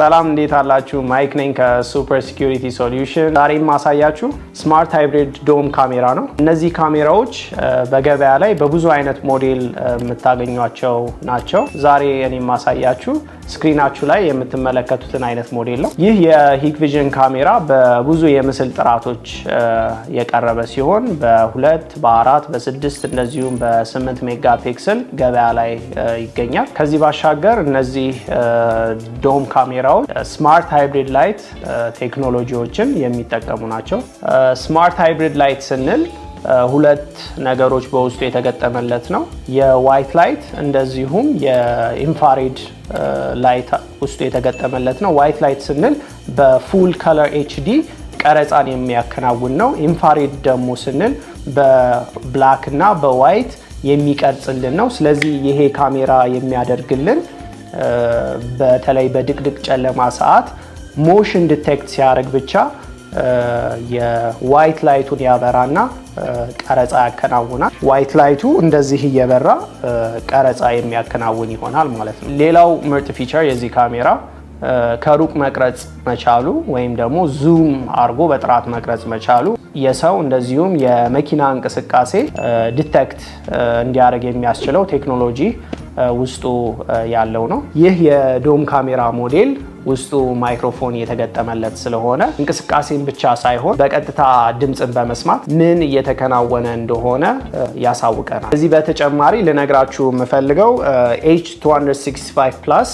ሰላም እንዴት አላችሁ? ማይክ ነኝ ከሱፐር ሲኪሪቲ ሶሉሽን። ዛሬ ማሳያችሁ ስማርት ሃይብሪድ ዶም ካሜራ ነው። እነዚህ ካሜራዎች በገበያ ላይ በብዙ አይነት ሞዴል የምታገኟቸው ናቸው። ዛሬ እኔ ማሳያችሁ ስክሪናችሁ ላይ የምትመለከቱትን አይነት ሞዴል ነው። ይህ የሂክቪዥን ካሜራ በብዙ የምስል ጥራቶች የቀረበ ሲሆን በሁለት በአራት በስድስት እንደዚሁም በስምንት ሜጋ ፒክስል ገበያ ላይ ይገኛል። ከዚህ ባሻገር እነዚህ ዶም ካሜራዎች ስማርት ሃይብሪድ ላይት ቴክኖሎጂዎችን የሚጠቀሙ ናቸው። ስማርት ሃይብሪድ ላይት ስንል ሁለት ነገሮች በውስጡ የተገጠመለት ነው። የዋይት ላይት እንደዚሁም የኢንፋሬድ ላይት ውስጡ የተገጠመለት ነው። ዋይት ላይት ስንል በፉል ከለር ኤችዲ ቀረጻን የሚያከናውን ነው። ኢንፋሬድ ደግሞ ስንል በብላክ እና በዋይት የሚቀርጽልን ነው። ስለዚህ ይሄ ካሜራ የሚያደርግልን በተለይ በድቅድቅ ጨለማ ሰዓት ሞሽን ዲቴክት ሲያደርግ ብቻ የዋይት ላይቱን ያበራና ቀረጻ ያከናውናል። ዋይት ላይቱ እንደዚህ እየበራ ቀረጻ የሚያከናውን ይሆናል ማለት ነው። ሌላው ምርጥ ፊቸር የዚህ ካሜራ ከሩቅ መቅረጽ መቻሉ ወይም ደግሞ ዙም አድርጎ በጥራት መቅረጽ መቻሉ የሰው እንደዚሁም የመኪና እንቅስቃሴ ዲቴክት እንዲያደርግ የሚያስችለው ቴክኖሎጂ ውስጡ ያለው ነው። ይህ የዶም ካሜራ ሞዴል ውስጡ ማይክሮፎን የተገጠመለት ስለሆነ እንቅስቃሴን ብቻ ሳይሆን በቀጥታ ድምፅን በመስማት ምን እየተከናወነ እንደሆነ ያሳውቀናል። እዚህ በተጨማሪ ልነግራችሁ የምፈልገው ኤች 265 ፕላስ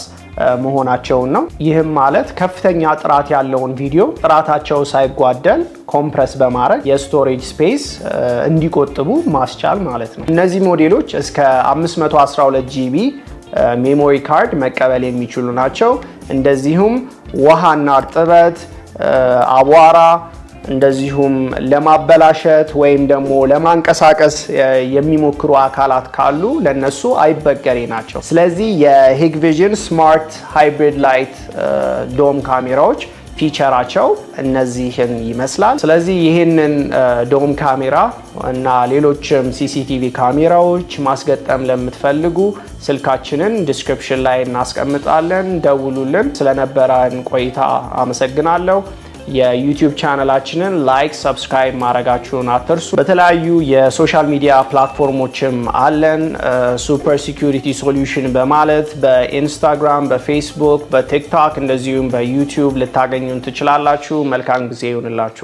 መሆናቸውን ነው። ይህም ማለት ከፍተኛ ጥራት ያለውን ቪዲዮ ጥራታቸው ሳይጓደል ኮምፕረስ በማድረግ የስቶሬጅ ስፔስ እንዲቆጥቡ ማስቻል ማለት ነው። እነዚህ ሞዴሎች እስከ 512 ጂቢ ሜሞሪ ካርድ መቀበል የሚችሉ ናቸው። እንደዚሁም ውሃና እርጥበት፣ አቧራ እንደዚሁም ለማበላሸት ወይም ደግሞ ለማንቀሳቀስ የሚሞክሩ አካላት ካሉ ለነሱ አይበገሬ ናቸው። ስለዚህ የሂግ ቪዥን ስማርት ሃይብሪድ ላይት ዶም ካሜራዎች ፊቸራቸው እነዚህን ይመስላል። ስለዚህ ይህንን ዶም ካሜራ እና ሌሎችም ሲሲቲቪ ካሜራዎች ማስገጠም ለምትፈልጉ ስልካችንን ዲስክሪፕሽን ላይ እናስቀምጣለን። ደውሉልን። ስለነበረን ቆይታ አመሰግናለሁ። የዩቲዩብ ቻናላችንን ላይክ፣ ሰብስክራይብ ማድረጋችሁን አትርሱ። በተለያዩ የሶሻል ሚዲያ ፕላትፎርሞችም አለን። ሱፐር ሲኪሪቲ ሶሉሽን በማለት በኢንስታግራም፣ በፌስቡክ፣ በቲክቶክ እንደዚሁም በዩቲዩብ ልታገኙን ትችላላችሁ። መልካም ጊዜ ይሁንላችሁ።